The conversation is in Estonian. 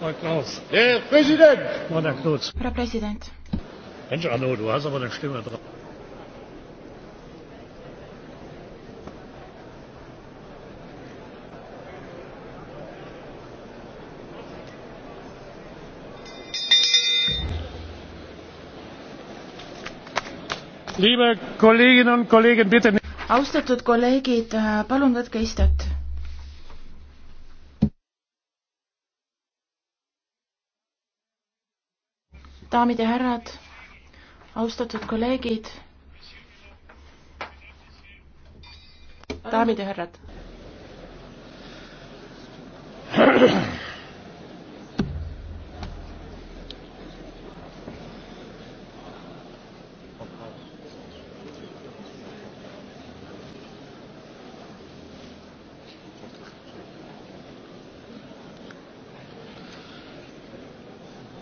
Herr Präsident! Herr Präsident! Mensch, Arno, du hast aber eine Stimme drauf. austatud kolleegid, äh, palun võtke istet. daamid ja härrad, austatud kolleegid, daamid ja härrad.